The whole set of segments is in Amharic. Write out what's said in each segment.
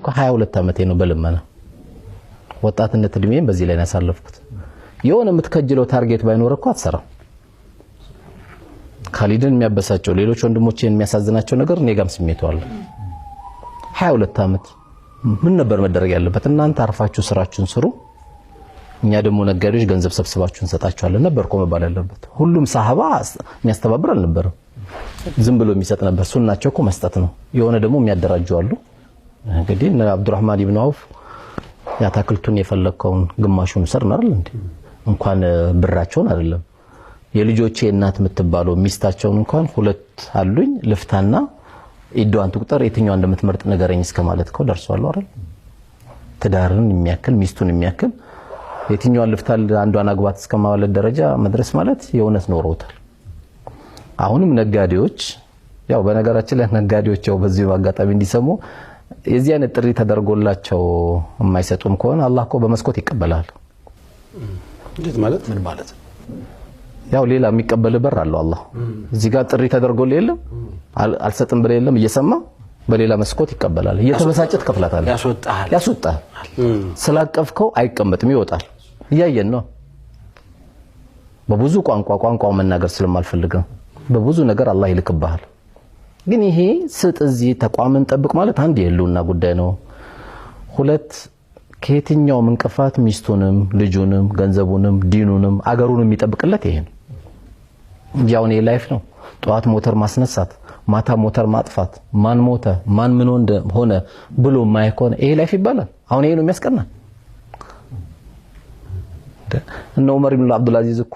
እኮ 22 ዓመቴ ነው በልመና ወጣትነት እድሜም በዚህ ላይ ነው ያሳለፍኩት። የሆነ የምትከጅለው ታርጌት ባይኖር እኮ አትሰራም። ካሊድን የሚያበሳጨው ሌሎች ወንድሞቼን የሚያሳዝናቸው ነገር እኔ ጋም ስሜቱ አለ። 22 ዓመት ምን ነበር መደረግ ያለበት? እናንተ አርፋችሁ ስራችሁን ስሩ፣ እኛ ደግሞ ነጋዴዎች ገንዘብ ሰብስባችሁ እንሰጣችኋለን ነበር እኮ መባል ያለበት። ሁሉም ሳህባ የሚያስተባብር አልነበረም። ዝም ብሎ የሚሰጥ ነበር። ሱናቸው እኮ መስጠት ነው። የሆነ ደግሞ የሚያደራጁ አሉ። እንግዲህ እነ አብዱራህማን ኢብኑ አውፍ ያታክልቱን የፈለግከውን ግማሹን ሰር ነው አይደል እንዴ? እንኳን ብራቸውን አይደለም የልጆቼ እናት የምትባለው ሚስታቸውን እንኳን ሁለት አሉኝ ልፍታና ኢዶዋን ትቁጠር የትኛዋ እንደምትመርጥ ንገረኝ እስከ ማለት እኮ ደርሷል አይደል? ትዳርን የሚያክል ሚስቱን የሚያክል የትኛዋን ልፍታ አንዷን አግባት እስከ ማለት ደረጃ መድረስ ማለት የእውነት ኖረውታል። አሁንም ነጋዴዎች ያው በነገራችን ላይ ነጋዴዎች ያው በዚህ አጋጣሚ እንዲሰሙ የዚህ አይነት ጥሪ ተደርጎላቸው የማይሰጡም ከሆነ አላህ እኮ በመስኮት ይቀበላል። እንዴት ማለት ምን ማለት? ያው ሌላ የሚቀበል በር አለው አላህ። እዚህ ጋር ጥሪ ተደርጎል የለም አልሰጥም ብለ የለም እየሰማ በሌላ መስኮት ይቀበላል። እየተበሳጨ ትከፍላታለህ፣ ያስወጣሃል፣ ያስወጣሃል። ስላቀፍከው አይቀመጥም ይወጣል። እያየን ነው። በብዙ ቋንቋ ቋንቋው መናገር ስለማልፈልግ ነው። በብዙ ነገር አላህ ይልክብሃል። ግን ይሄ ስጥ እዚህ ተቋምን ጠብቅ ማለት አንድ የህልውና ጉዳይ ነው። ሁለት ከየትኛውም እንቅፋት ሚስቱንም፣ ልጁንም፣ ገንዘቡንም፣ ዲኑንም አገሩን የሚጠብቅለት ይሄ ነው። ያውን ላይፍ ነው። ጠዋት ሞተር ማስነሳት፣ ማታ ሞተር ማጥፋት፣ ማን ሞተ ማን ምን ሆነ ብሎ ማይኮን ይሄ ላይፍ ይባላል። አሁን ይሄ ነው የሚያስቀና እነ ዑመር ብን አብዱልአዚዝ እኮ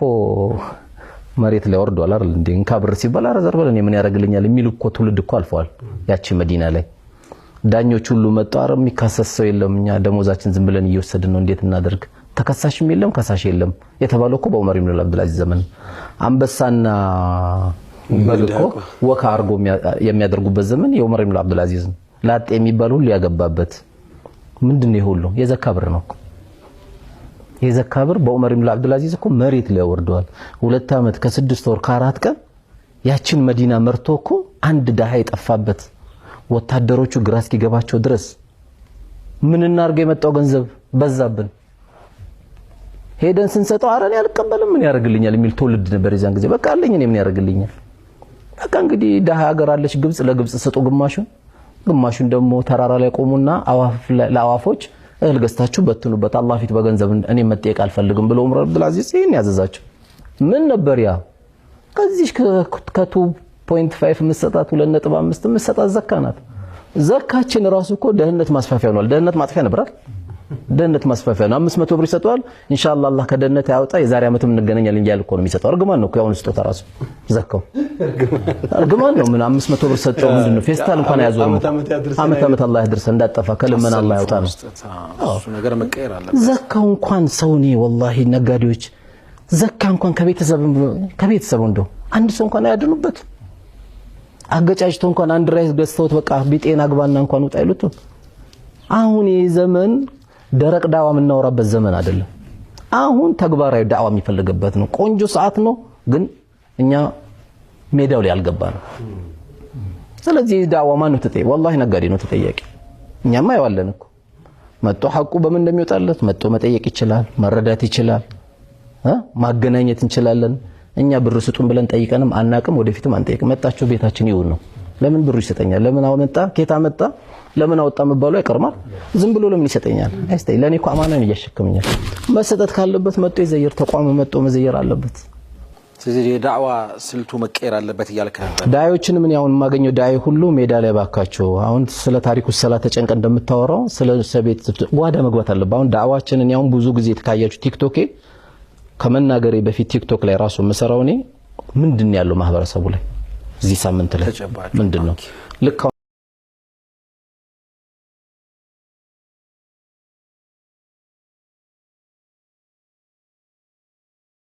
መሬት ላይ ወርዷል አይደል እንዴ? እንካ ብር ሲባል አረዘር በለን ምን ያደርግልኛል የሚል እኮ ትውልድ እኮ አልፈዋል። ያቺ መዲና ላይ ዳኞች ሁሉ መጡ። አረ የሚካሰስ ሰው የለም፣ እኛ ደሞዛችን ዝም ብለን እየወሰድን ነው፣ እንዴት እናደርግ? ተከሳሽም የለም ከሳሽ የለም የተባለው እኮ በዑመር ኢብኑል አብዱልአዚዝ ዘመን አንበሳና በግ እኮ ወካ አድርጎ የሚያደርጉበት ዘመን የዑመር ኢብኑል አብዱልአዚዝ ነው። ላጤ የሚባል ሁሉ ያገባበት ምንድን ነው? ይሄ ሁሉ የዘካ ብር ነው። የዘካ ብር በዑመር ኢብኑ አብዱልአዚዝ እኮ መሬት ላይ ወርደዋል። ሁለት ዓመት ከስድስት ወር ከአራት ቀን ያችን መዲና መርቶ እኮ አንድ ድሃ የጠፋበት ወታደሮቹ ግራ እስኪገባቸው ድረስ ምን እናድርገው የመጣው ገንዘብ በዛብን፣ ሄደን ስንሰጠው አረ እኔ አልቀበልም ምን ያደርግልኛል የሚል ትውልድ ነበር የዛን ጊዜ። በቃ አለኝ እኔ ምን ያደርግልኛል። በቃ እንግዲህ ድሃ ሀገር አለች ግብጽ፣ ለግብጽ ስጡ ግማሹን፣ ግማሹን ደግሞ ተራራ ላይ ቆሙና ለአዋፎች እህል ገዝታችሁ በትኑበት፣ አላህ ፊት በገንዘብ እኔ መጠየቅ አልፈልግም ብሎ ዑመር አብዱል አዚዝ ይህን ያዘዛቸው ምን ነበር ያ ከዚህ ከ2.5 ፋይቭ የምትሰጣት ሁለት ነጥብ አምስት ዘካችን ራሱ እኮ ደህንነት ማስፋፊያ ሆኗል። ደህንነት ማጥፊያ ነበር ደህንነት ማስፋፊያ ነው። አምስት መቶ ብር ይሰጠዋል። ኢንሻአላ አላህ ከደህንነት ያውጣ። የዛሬ ዓመትም እንገናኛለን እያለ እኮ ነው የሚሰጠው። እርግማን ነው እኮ ስጦታ ራሱ ዘካው እርግማን ነው። ምን አምስት መቶ ብር ሰጠው ምንድን ነው? ፌስታል እንኳን አያዞርም። ዓመት ዓመት አላህ ያድርሰን፣ እንዳጠፋ ከልመና አላህ ያውጣ ነው። ዘካው እንኳን ሰው እኔ ወላሂ ነጋዴዎች ዘካ እንኳን ከቤተሰብ ከቤተሰብ እንደው አንድ ሰው እንኳን አያድኑበት አገጫጭቶ እንኳን አንድ ራይስ ገዝተውት በቃ ቢጤና አግባና እንኳን ውጣ ይሉት አሁን የዘመን ደረቅ ዳዋ የምናወራበት ዘመን አይደለም። አሁን ተግባራዊ ዳዋ የሚፈልግበት ነው። ቆንጆ ሰዓት ነው፣ ግን እኛ ሜዳው ላይ አልገባ ነው። ስለዚህ ዳዋ ነው ተጠያቂ? ወላሂ ነጋዴ ነው ተጠያቂ። እኛማ አይዋለን እኮ መጦ ሐቁ በምን እንደሚወጣለት መጦ መጠየቅ ይችላል፣ መረዳት ይችላል፣ ማገናኘት እንችላለን። እኛ ብር ስጡን ብለን ጠይቀንም አናቅም፣ ወደፊትም አንጠይቅም። መጣችሁ ቤታችን ይሁን ነው ለምን ብሩ ይሰጠኛል? ለምን አመጣ? ኬታ መጣ? ለምን አወጣ መባሉ አይቀርማል። ዝም ብሎ ለምን ይሰጠኛል? አይስተይ ለኔ እኮ አማናን እያሸከመኛል። መሰጠት ካለበት መጦ ይዘየር ተቋም መጥቶ መዘየር አለበት። ስለዚህ የዳዋ ስልቱ መቀየር አለበት እያልከ ነበር። ዳዮችን ምን ያውን የማገኘው ዳይ ሁሉ ሜዳ ላይ ባካቸው። አሁን ስለ ታሪኩ ሰላ ተጨንቀ እንደምታወራው ስለ ሰቤት ጓዳ መግባት አለበት። አሁን ዳዋችንን ያውን ብዙ ጊዜ ተካያችሁ ቲክቶኬ ከመናገሬ በፊት ቲክቶክ ላይ ራሱ መሰራውኔ እኔ ምንድን ያለው ማህበረሰቡ ላይ እዚህ ሳምንት ላይ ምንድን ነው ልክ